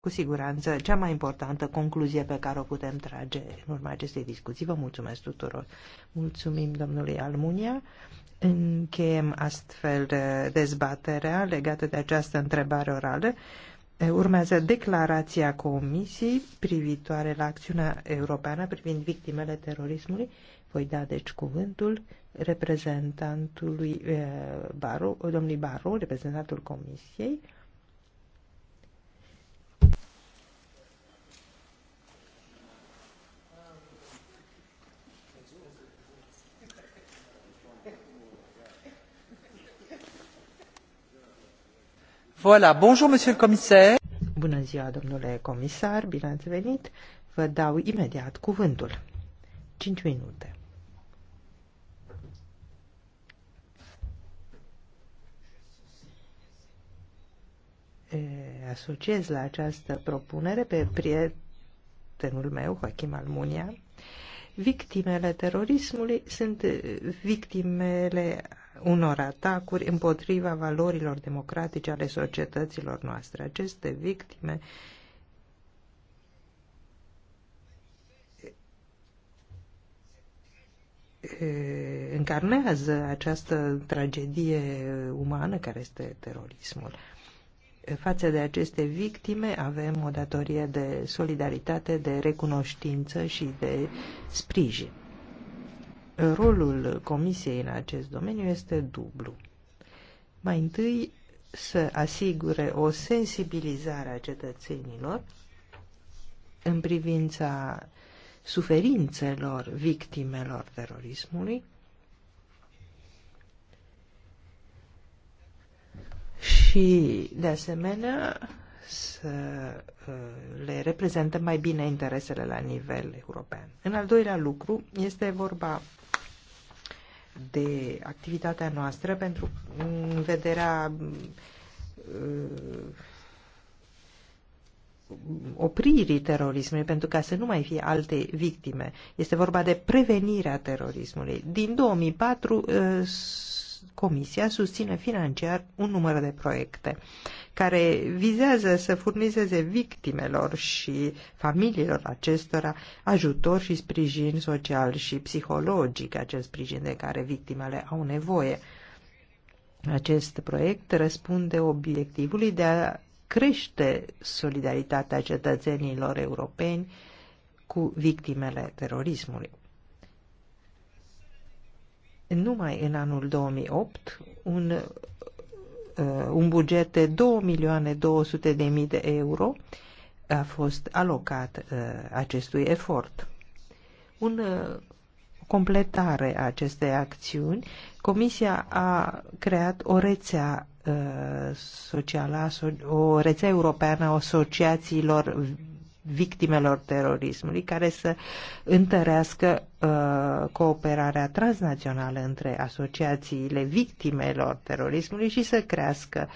cu siguranță cea mai importantă concluzie pe care o putem trage în urma acestei discuții. Vă mulțumesc tuturor. Mulțumim domnului Almunia. Încheiem astfel eh, dezbaterea legată de această întrebare orală. Eh, urmează declarația Comisiei privitoare la acțiunea europeană privind victimele terorismului. Voi da deci cuvântul reprezentantului eh, Baro, domnului Baro, reprezentantul Comisiei. Voilà. Bonjour, monsieur le commissaire. Bună ziua, domnule comisar, bine ați venit. Vă dau imediat cuvântul. 5 minute. asociez la această propunere pe prietenul meu, Joachim Almunia, victimele terorismului sunt victimele unor atacuri împotriva valorilor democratice ale societăților noastre. Aceste victime încarnează această tragedie umană care este terorismul. Față de aceste victime avem o datorie de solidaritate, de recunoștință și de sprijin rolul Comisiei în acest domeniu este dublu. Mai întâi să asigure o sensibilizare a cetățenilor în privința suferințelor victimelor terorismului și, de asemenea, să uh, le reprezentăm mai bine interesele la nivel european. În al doilea lucru este vorba de activitatea noastră pentru în vederea uh, opririi terorismului pentru ca să nu mai fie alte victime. Este vorba de prevenirea terorismului. Din 2004 uh, Comisia susține financiar un număr de proiecte care vizează să furnizeze victimelor și familiilor acestora ajutor și sprijin social și psihologic, acest sprijin de care victimele au nevoie. Acest proiect răspunde obiectivului de a crește solidaritatea cetățenilor europeni cu victimele terorismului. Numai în anul 2008, un Uh, un buget de 2.200.000 de euro a fost alocat uh, acestui efort. Un uh, completare a acestei acțiuni, Comisia a creat o rețea socială, o rețea europeană a asociațiilor victimelor terorismului, care să întărească uh, cooperarea transnațională între asociațiile victimelor terorismului și să crească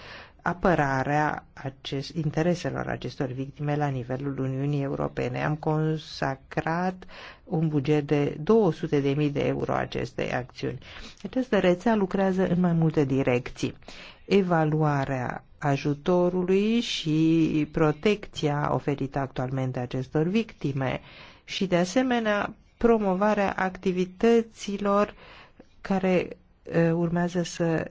apărarea acest, intereselor acestor victime la nivelul Uniunii Europene. Am consacrat un buget de 200.000 de euro acestei acțiuni. Această rețea lucrează în mai multe direcții. Evaluarea ajutorului și protecția oferită actualmente acestor victime și, de asemenea, promovarea activităților care urmează să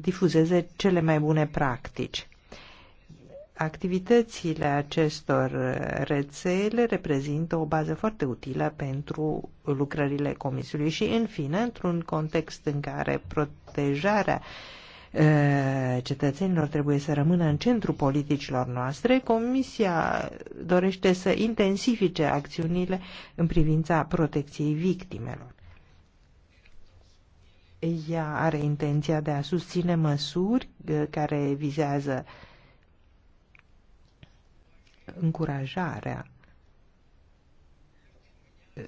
difuzeze cele mai bune practici. Activitățile acestor rețele reprezintă o bază foarte utilă pentru lucrările Comisiului și, în fine, într-un context în care protejarea uh, Eh, cetățenilor trebuie să rămână în centru politicilor noastre, Comisia dorește să intensifice acțiunile în privința protecției victimelor. Ea are intenția de a susține măsuri eh, care vizează încurajarea eh,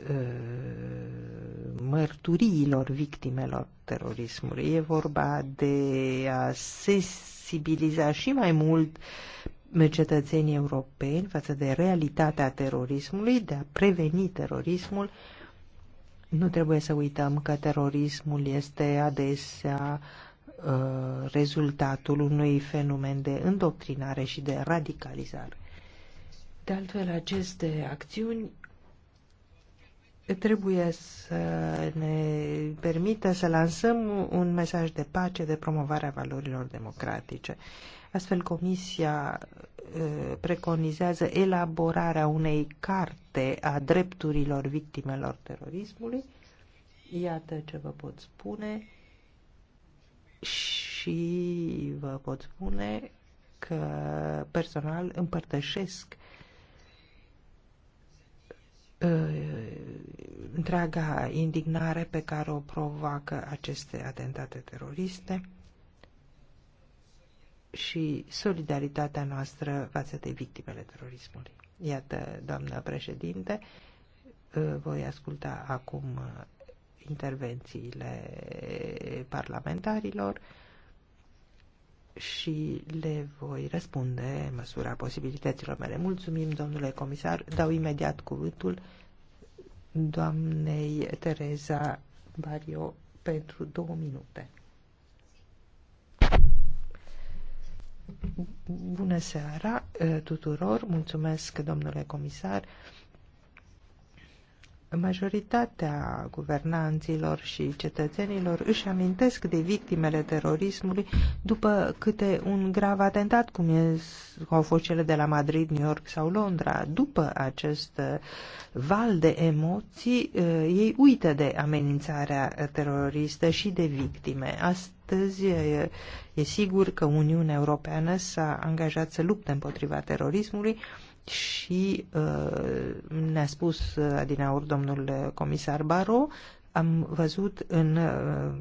mărturiilor victimelor terorismului. E vorba de a sensibiliza și mai mult cetățenii europeni față de realitatea terorismului, de a preveni terorismul. Nu trebuie să uităm că terorismul este adesea uh, rezultatul unui fenomen de îndoctrinare și de radicalizare. De altfel, aceste acțiuni trebuie să ne permită să lansăm un mesaj de pace, de promovare a valorilor democratice. Astfel, Comisia preconizează elaborarea unei carte a drepturilor victimelor terorismului. Iată ce vă pot spune și vă pot spune că personal împărtășesc întreaga indignare pe care o provoacă aceste atentate teroriste și solidaritatea noastră față de victimele terorismului. Iată, doamnă președinte, ă, voi asculta acum intervențiile parlamentarilor și le voi răspunde în măsura posibilităților mele. Mulțumim, domnule comisar. Dau imediat cuvântul doamnei Tereza Bario pentru două minute. Bună seara eh, tuturor, mulțumesc domnule comisar. Majoritatea guvernanților și cetățenilor își amintesc de victimele terorismului după câte un grav atentat, cum e, au fost cele de la Madrid, New York sau Londra. După acest uh, val de emoții, uh, ei uită de amenințarea teroristă și de victime. Astăzi uh, e sigur că Uniunea Europeană s-a angajat să lupte împotriva terorismului, și uh, ne-a spus adineaur domnul comisar Baro, am văzut în uh,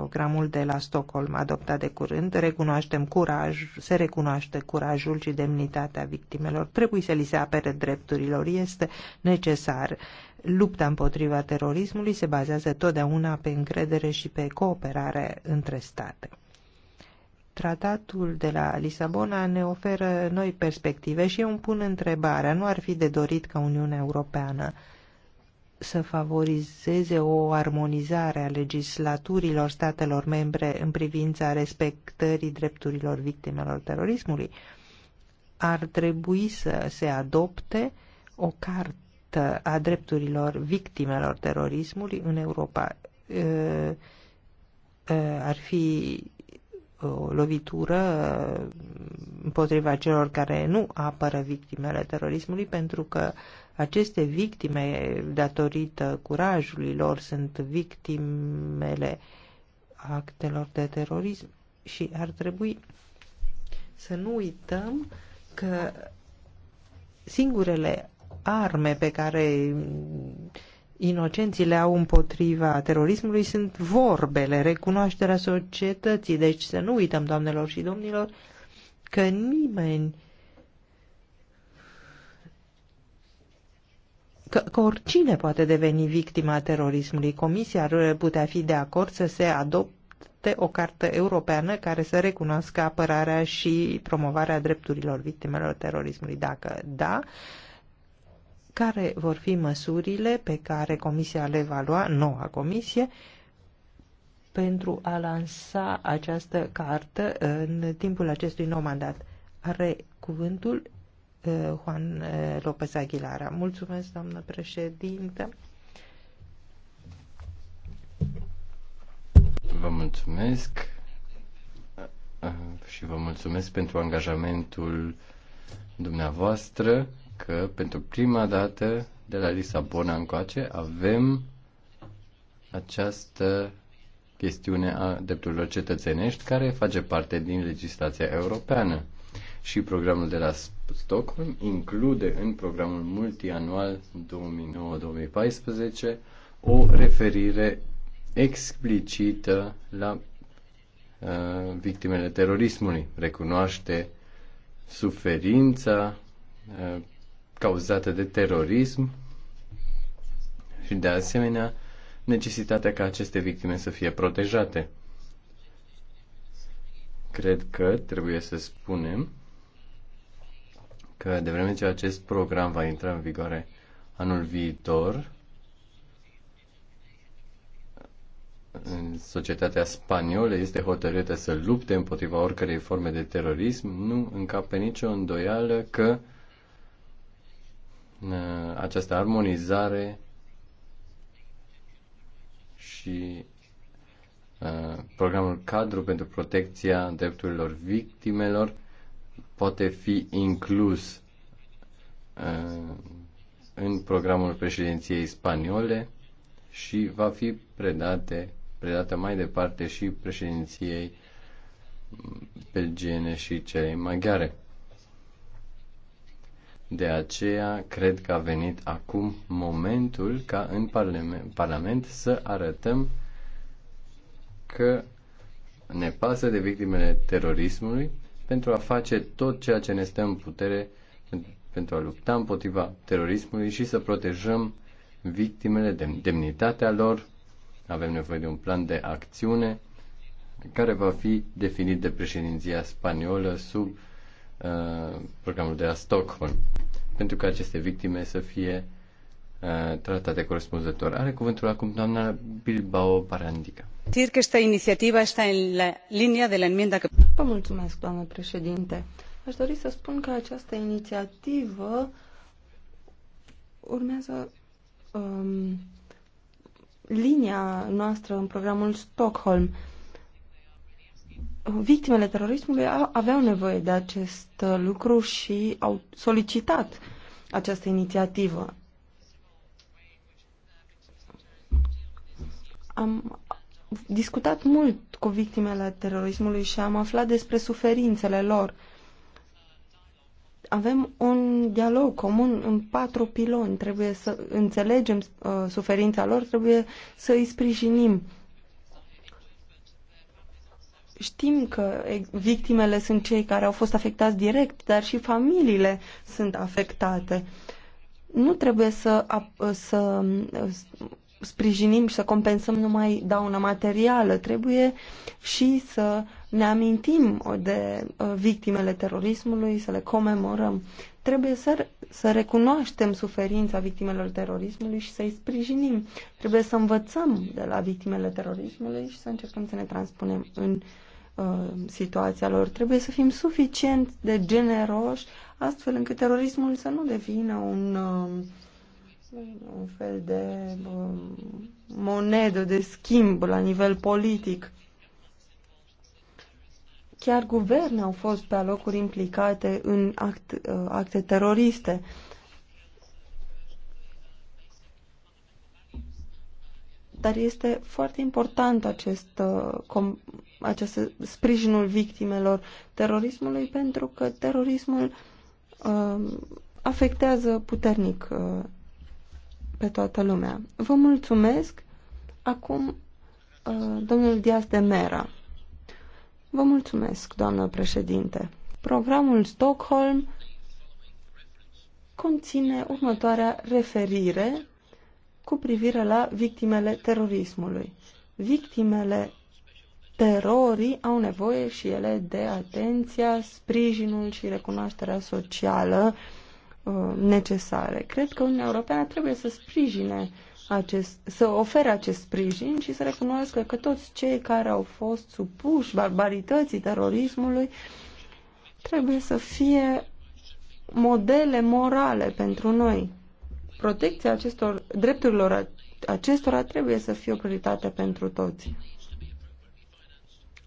programul de la Stockholm adoptat de curând, recunoaștem curaj, se recunoaște curajul și demnitatea victimelor, trebuie să li se apere drepturilor, este necesar. Lupta împotriva terorismului se bazează totdeauna pe încredere și pe cooperare între state. Tratatul de la Lisabona ne oferă noi perspective și eu îmi pun întrebarea, nu ar fi de dorit ca Uniunea Europeană să favorizeze o armonizare a legislaturilor statelor membre în privința respectării drepturilor victimelor terorismului? Ar trebui să se adopte o cartă a drepturilor victimelor terorismului în Europa. Ă, ă, ar fi o lovitură uh, împotriva celor care nu apără victimele terorismului, pentru că aceste victime, datorită curajului lor, sunt victimele actelor de terorism. Și ar trebui să nu uităm că singurele arme pe care inocenții le au împotriva terorismului sunt vorbele, recunoașterea societății. Deci să nu uităm, doamnelor și domnilor, că nimeni că, că oricine poate deveni victima terorismului. Comisia ar putea fi de acord să se adopte o carte europeană care să recunoască apărarea și promovarea drepturilor victimelor terorismului. Dacă da, care vor fi măsurile pe care Comisia le va lua, noua Comisie, pentru a lansa această carte în timpul acestui nou mandat. Are cuvântul uh, Juan uh, López Aguilara. Mulțumesc, doamnă președintă. Vă mulțumesc uh, și vă mulțumesc pentru angajamentul dumneavoastră că pentru prima dată de la Lisabona încoace avem această chestiune a drepturilor cetățenești care face parte din legislația europeană. Și programul de la Stockholm include în programul multianual 2009-2014 o referire explicită la uh, victimele terorismului. Recunoaște suferința uh, cauzată de terorism și, de asemenea, necesitatea ca aceste victime să fie protejate. Cred că trebuie să spunem că, de vreme ce acest program va intra în vigoare anul viitor, în societatea spaniolă este hotărâtă să lupte împotriva oricărei forme de terorism, nu încape nicio îndoială că Uh, această armonizare și uh, programul cadru pentru protecția drepturilor victimelor poate fi inclus uh, în programul președinției spaniole și va fi predate, predată mai departe și președinției belgiene și cele maghiare. De aceea, cred că a venit acum momentul ca în Parlament, parlament să arătăm că ne pasă de victimele terorismului pentru a face tot ceea ce ne stă în putere pentru a lupta împotriva terorismului și să protejăm victimele, de demnitatea lor. Avem nevoie de un plan de acțiune care va fi definit de președinția spaniolă sub Uh, programul de la Stockholm, pentru că aceste victime să fie uh, tratate corespunzător. Are cuvântul acum doamna Bilbao Barandica. Decir că esta iniciativa este în linia de la enmienda că... Vă mulțumesc, doamnă președinte. Aș dori să spun că această inițiativă urmează um, linia noastră în programul Stockholm. Uh, victimele terorismului aveau nevoie de acest uh, lucru și au solicitat această inițiativă. Am discutat mult cu victimele terorismului și am aflat despre suferințele lor. Avem un dialog comun în patru piloni. Trebuie să înțelegem uh, suferința lor, trebuie să îi sprijinim. Uh, Știm că victimele sunt cei care au fost afectați direct, dar și familiile sunt afectate. Nu trebuie să, să sprijinim și să compensăm numai dauna materială, trebuie și să ne amintim de uh, victimele terorismului, să le comemorăm. Trebuie să, să recunoaștem suferința victimelor terorismului și să-i sprijinim. Trebuie să învățăm de la victimele terorismului și să încercăm să ne transpunem în uh, Uh, situația lor. Trebuie să fim suficient de generoși astfel încât terorismul să nu devină un, uh, un fel de uh, monedă de schimb la nivel politic. Chiar guverne au fost pe alocuri implicate în act, acte teroriste. dar este foarte important acest, uh, acest sprijinul victimelor terorismului pentru că terorismul um, afectează puternic uh, pe toată lumea. Vă mulțumesc. Acum, uh, domnul Dias de Mera. Vă mulțumesc, doamnă președinte. Programul Stockholm conține următoarea referire cu privire la victimele terorismului. Victimele terorii au nevoie și ele de atenția, sprijinul și recunoașterea socială uh, necesare. Cred că Uniunea Europeană trebuie să sprijine acest, să ofere acest sprijin și să recunoască că toți cei care au fost supuși barbarității terorismului trebuie să fie modele morale pentru noi. Protecția acestor drepturilor acestora trebuie să fie o prioritate pentru toți.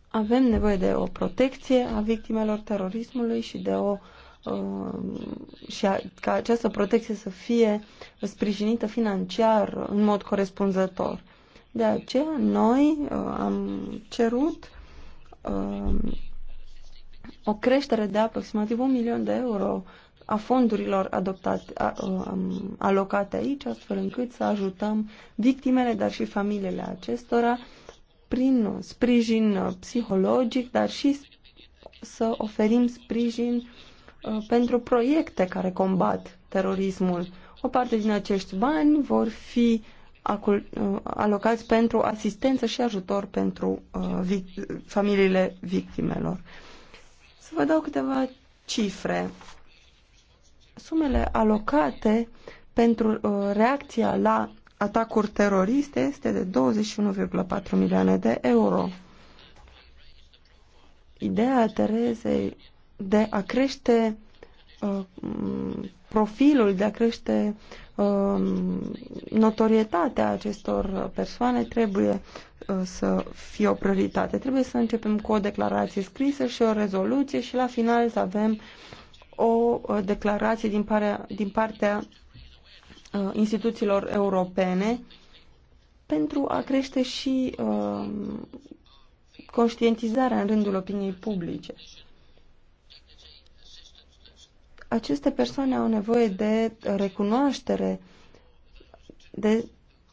Avem nevoie de o protecție a victimelor terorismului și de o um, și a, ca această protecție să fie sprijinită financiar în mod corespunzător. De aceea noi uh, am cerut uh, o creștere de aproximativ un milion de euro a fondurilor adoptate, a, um, alocate aici, astfel încât să ajutăm victimele, dar și familiile acestora, prin sprijin uh, psihologic, dar și să oferim sprijin uh, pentru proiecte care combat terorismul. O parte din acești bani vor fi uh, alocați pentru asistență și ajutor pentru uh, vi- familiile victimelor. Să vă dau câteva cifre. Sumele alocate pentru uh, reacția la atacuri teroriste este de 21,4 milioane de euro. Ideea Terezei de a crește uh, profilul, de a crește uh, notorietatea acestor persoane trebuie uh, să fie o prioritate. Trebuie să începem cu o declarație scrisă și o rezoluție și la final să avem o uh, declarație din, pare, din partea uh, instituțiilor europene pentru a crește și uh, conștientizarea în rândul opiniei publice. Aceste persoane au nevoie de recunoaștere, de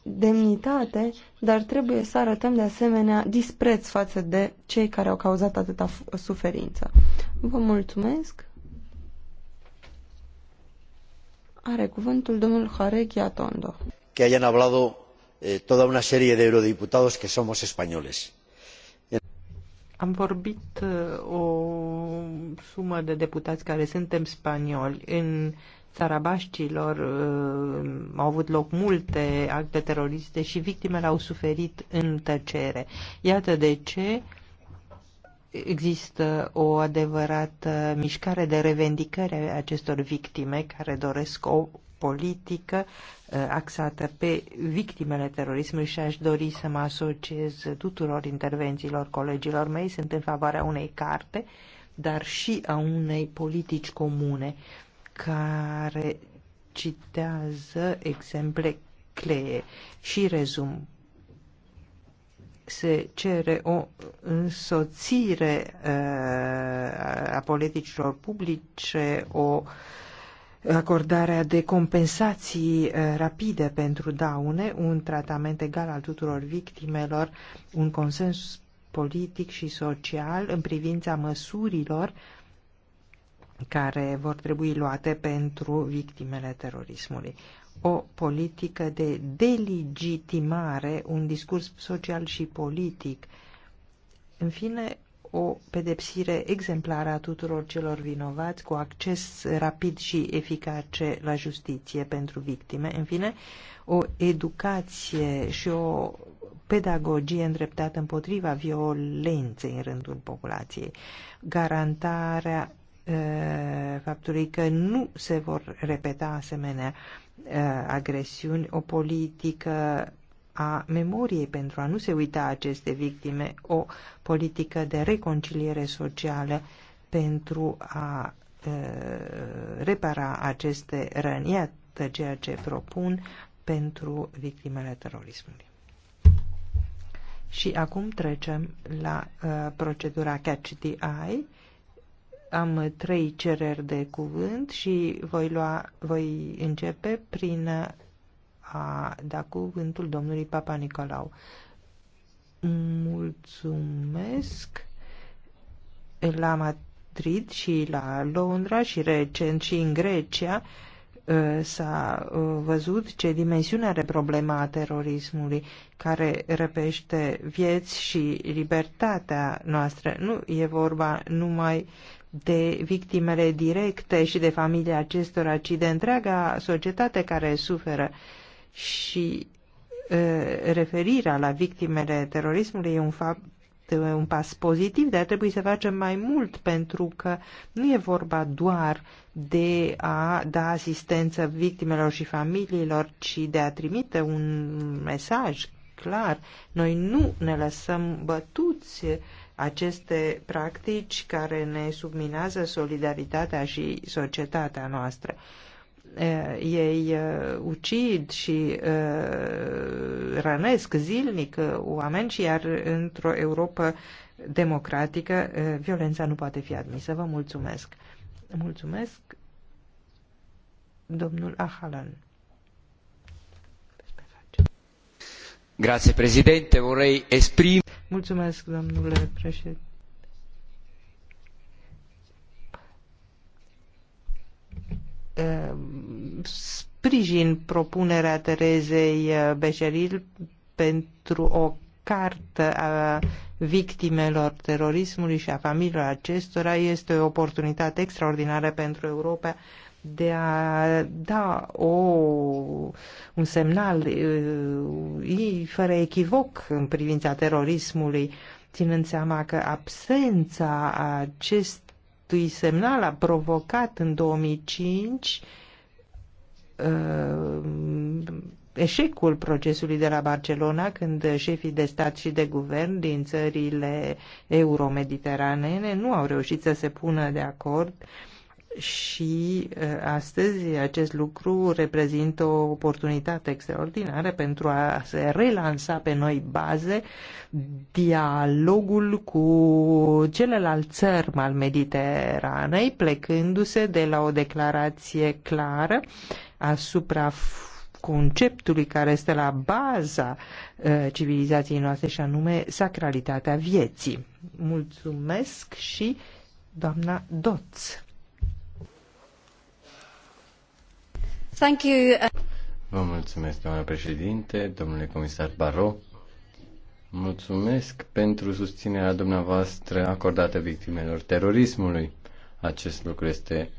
demnitate, dar trebuie să arătăm de asemenea dispreț față de cei care au cauzat atâta suferință. Vă mulțumesc! Are cuvântul domnul Jarek Iatondo. Que hayan hablado eh, toda una serie de eurodiputados que somos españoles. Am vorbit eh, o sumă de deputați care suntem spanioli. În țara Baștilor eh, au avut loc multe acte teroriste și victimele au suferit în tăcere. Iată de ce există o adevărată mișcare de revendicare a acestor victime care doresc o politică uh, axată pe victimele terorismului și aș dori să mă asociez tuturor intervențiilor colegilor mei. Sunt în favoarea unei carte, dar și a unei politici comune care citează exemple cleie și rezum se cere o însoțire uh, a politicilor publice, o acordarea de compensații uh, rapide pentru daune, un tratament egal al tuturor victimelor, un consens politic și social în privința măsurilor care vor trebui luate pentru victimele terorismului o politică de delegitimare, un discurs social și politic. În fine, o pedepsire exemplară a tuturor celor vinovați cu acces rapid și eficace la justiție pentru victime. În fine, o educație și o pedagogie îndreptată împotriva violenței în rândul populației, garantarea uh, faptului că nu se vor repeta asemenea Uh, agresiuni, o politică a memoriei pentru a nu se uita aceste victime, o politică de reconciliere socială pentru a uh, repara aceste răni. Iată ceea ce propun pentru victimele terorismului. Și acum trecem la uh, procedura Catch the Eye am trei cereri de cuvânt și voi, lua, voi începe prin a da cuvântul domnului Papa Nicolau. Mulțumesc la Madrid și la Londra și recent și în Grecia Uh, s-a uh, văzut ce dimensiune are problema a terorismului care repește vieți și libertatea noastră. Nu e vorba numai de victimele directe și de familia acestora, ci de întreaga societate care suferă și uh, referirea la victimele terorismului e un fapt este un pas pozitiv, dar trebuie să facem mai mult pentru că nu e vorba doar de a da asistență victimelor și familiilor, ci de a trimite un mesaj clar. Noi nu ne lăsăm bătuți aceste practici care ne subminează solidaritatea și societatea noastră. Eh, ei eh, ucid și eh, rănesc zilnic oameni și iar într-o Europa democratică violența nu poate fi admisă. Vă mulțumesc. Mulțumesc, domnul Ahalan. Grazie Presidente, vorrei esprimere. Mulțumesc, domnule președinte Um, sprijin propunerea Terezei Beșeril pentru o cartă a victimelor terorismului și a familiilor acestora este o oportunitate extraordinară pentru Europa de a da o, un semnal uh, fără echivoc în privința terorismului, ținând seama că absența acest acestui semnal a provocat în 2005 uh, eșecul procesului de la Barcelona, când șefii de stat și de guvern din țările euromediteranene nu au reușit să se pună de acord uh, și uh, astăzi acest lucru reprezintă o oportunitate extraordinară pentru a se relansa pe noi baze dialogul cu celelalte țări al Mediteranei, plecându-se de la o declarație clară asupra conceptului care este la baza uh, civilizației noastre și anume sacralitatea vieții. Mulțumesc și doamna Doț. Uh, Vă mulțumesc, doamnă președinte, domnule comisar Barro. Mulțumesc pentru susținerea dumneavoastră acordată victimelor terorismului. Acest lucru este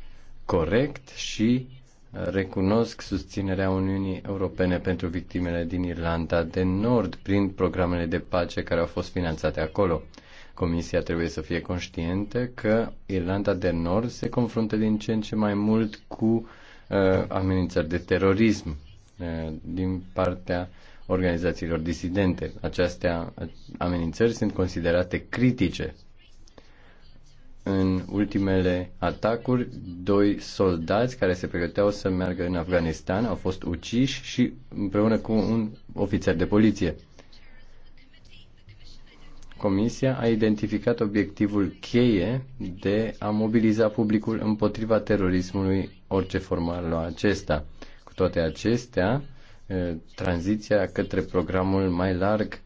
corect și recunosc susținerea Uniunii Europene pentru victimele din Irlanda de Nord prin programele de pace care au fost finanțate acolo. Comisia trebuie să fie conștientă că Irlanda de Nord se confruntă din ce în ce mai mult cu Uh, amenințări de terorism uh, din partea organizațiilor disidente. aceste amenințări sunt considerate critice. În ultimele atacuri, doi soldați care se pregăteau să meargă în Afganistan au fost uciși și împreună cu un ofițer de poliție. Comisia a identificat obiectivul cheie de a mobiliza publicul împotriva terorismului, orice formă la acesta. Cu toate acestea, tranziția către programul mai larg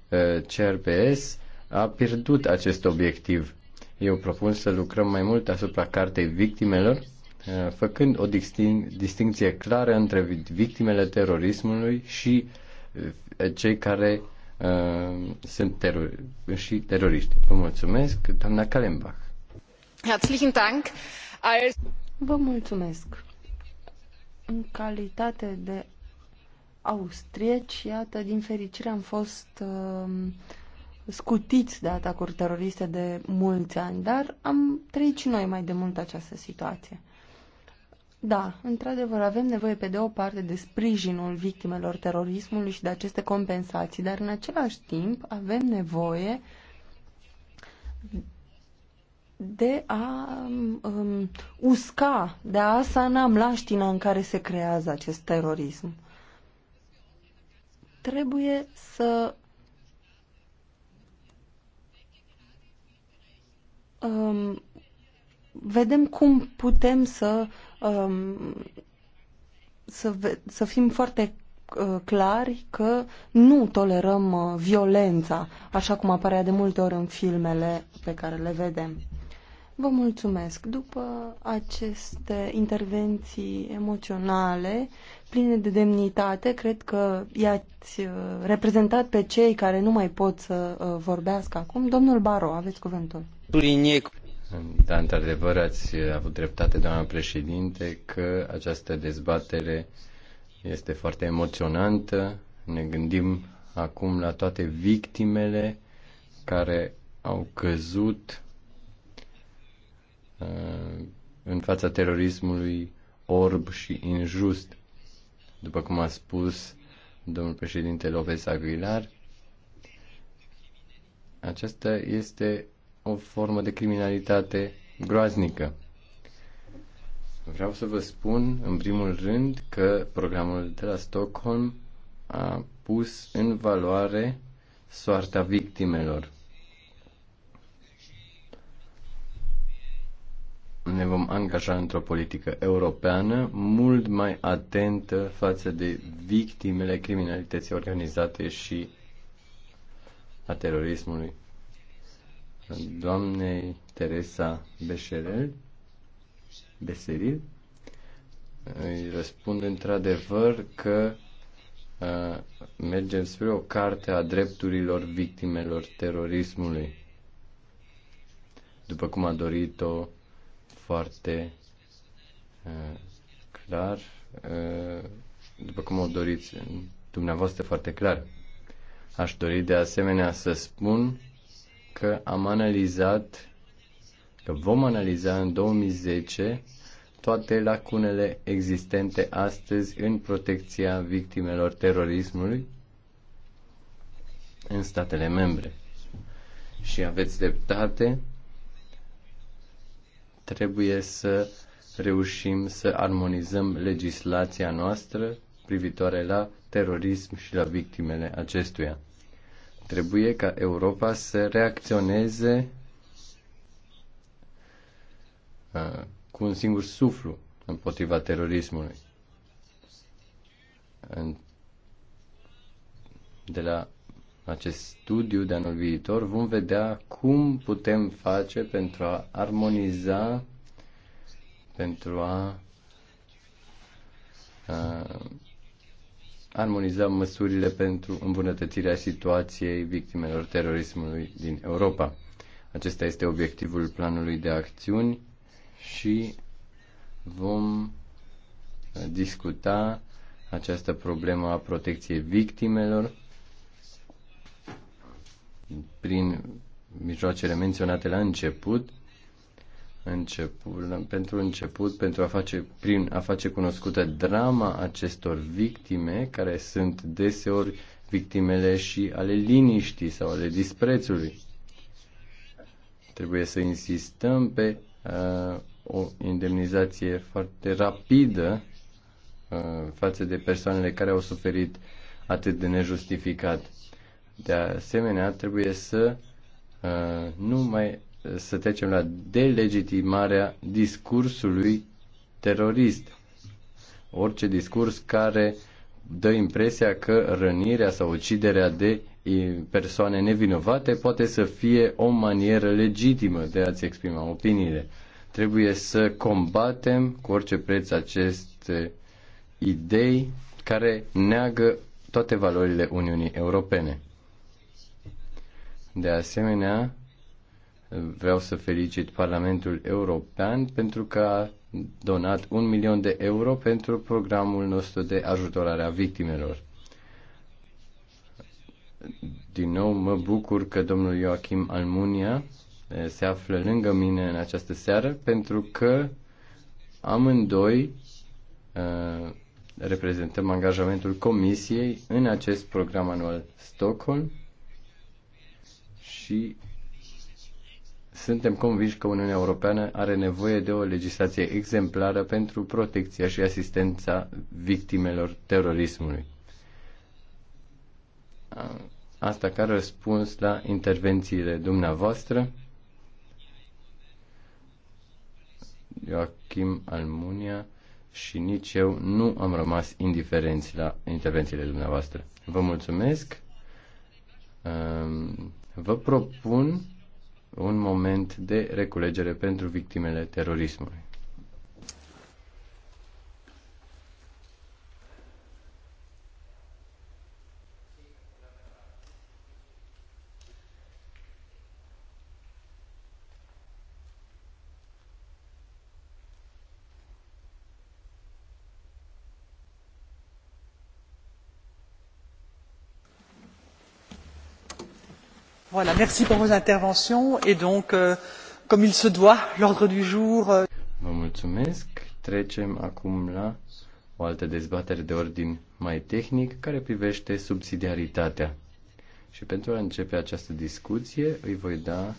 CRPS a pierdut acest obiectiv. Eu propun să lucrăm mai mult asupra cartei victimelor, făcând o distin- distinție clară între victimele terorismului și cei care uh, Uh, sunt terori- și teroriști. Vă mulțumesc, doamna Kalembach. Herzlichen Dank. Vă mulțumesc. În calitate de austrieci, iată, din fericire am fost uh, scutiți de atacuri teroriste de mulți ani, dar am trăit și noi mai de mult această situație. Da, într-adevăr, avem nevoie pe de o parte de sprijinul victimelor terorismului și de aceste compensații, dar în același timp avem nevoie de a um, usca, de a asana mlaștina în care se creează acest terorism. Trebuie să um, vedem cum putem să, um, să, să fim foarte uh, clari că nu tolerăm uh, violența, așa cum apare de multe ori în filmele pe care le vedem. Vă mulțumesc. După aceste intervenții emoționale, pline de demnitate, cred că i-ați uh, reprezentat pe cei care nu mai pot să vorbească acum. Domnul Baro, aveți cuvântul. Da, într-adevăr, ați avut dreptate, doamna președinte, că această dezbatere este foarte emoționantă. Ne gândim acum la toate victimele care au căzut uh, în fața terorismului orb și injust. După cum a spus domnul președinte Lopez Aguilar, aceasta este o formă de criminalitate groaznică. Vreau să vă spun, în primul rând, că programul de la Stockholm a pus în valoare soarta victimelor. Ne vom angaja într-o politică europeană mult mai atentă față de victimele criminalității organizate și a terorismului doamnei Teresa Beșerel, Beseril, îi răspund într-adevăr că uh, mergem spre o carte a drepturilor victimelor terorismului, după cum a dorit-o foarte uh, clar, uh, după cum o doriți dumneavoastră foarte clar. Aș dori de asemenea să spun că am analizat, că vom analiza în 2010 toate lacunele existente astăzi în protecția victimelor terorismului în statele membre. Și aveți dreptate, trebuie să reușim să armonizăm legislația noastră privitoare la terorism și la victimele acestuia. Trebuie ca Europa să reacționeze uh, cu un singur suflu împotriva terorismului. De la acest studiu de anul viitor vom vedea cum putem face pentru a armoniza, pentru a, a uh, armonizăm măsurile pentru îmbunătățirea situației victimelor terorismului din Europa. Acesta este obiectivul planului de acțiuni și vom uh, discuta această problemă a protecției victimelor prin mijloacele menționate la început început, pentru început, pentru a face, prin a face cunoscută drama acestor victime, care sunt deseori victimele și ale liniștii sau ale disprețului. Trebuie să insistăm pe uh, o indemnizație foarte rapidă uh, față de persoanele care au suferit atât de nejustificat. De asemenea, trebuie să uh, nu mai să trecem la delegitimarea discursului terorist. Orice discurs care dă impresia că rănirea sau uciderea de persoane nevinovate poate să fie o manieră legitimă de a-ți exprima opiniile. Trebuie să combatem cu orice preț aceste idei care neagă toate valorile Uniunii Europene. De asemenea, Vreau să felicit Parlamentul European pentru că a donat un milion de euro pentru programul nostru de ajutorare a victimelor. Din nou mă bucur că domnul Joachim Almunia eh, se află lângă mine în această seară pentru că amândoi eh, reprezentăm angajamentul Comisiei în acest program anual Stockholm și suntem convinși că Uniunea Europeană are nevoie de o legislație exemplară pentru protecția și asistența victimelor terorismului. Asta ca răspuns la intervențiile dumneavoastră. Joachim Almunia și nici eu nu am rămas indiferenți la intervențiile dumneavoastră. Vă mulțumesc. Vă propun un moment de reculegere pentru victimele terorismului. Voilà, merci pour vos interventions et donc, euh, comme il se doit, l'ordre du jour. Euh, Vă mulțumesc. Trecem acum la o altă dezbatere de ordin mai tehnic care privește subsidiaritatea. Și pentru a începe această discuție, îi voi da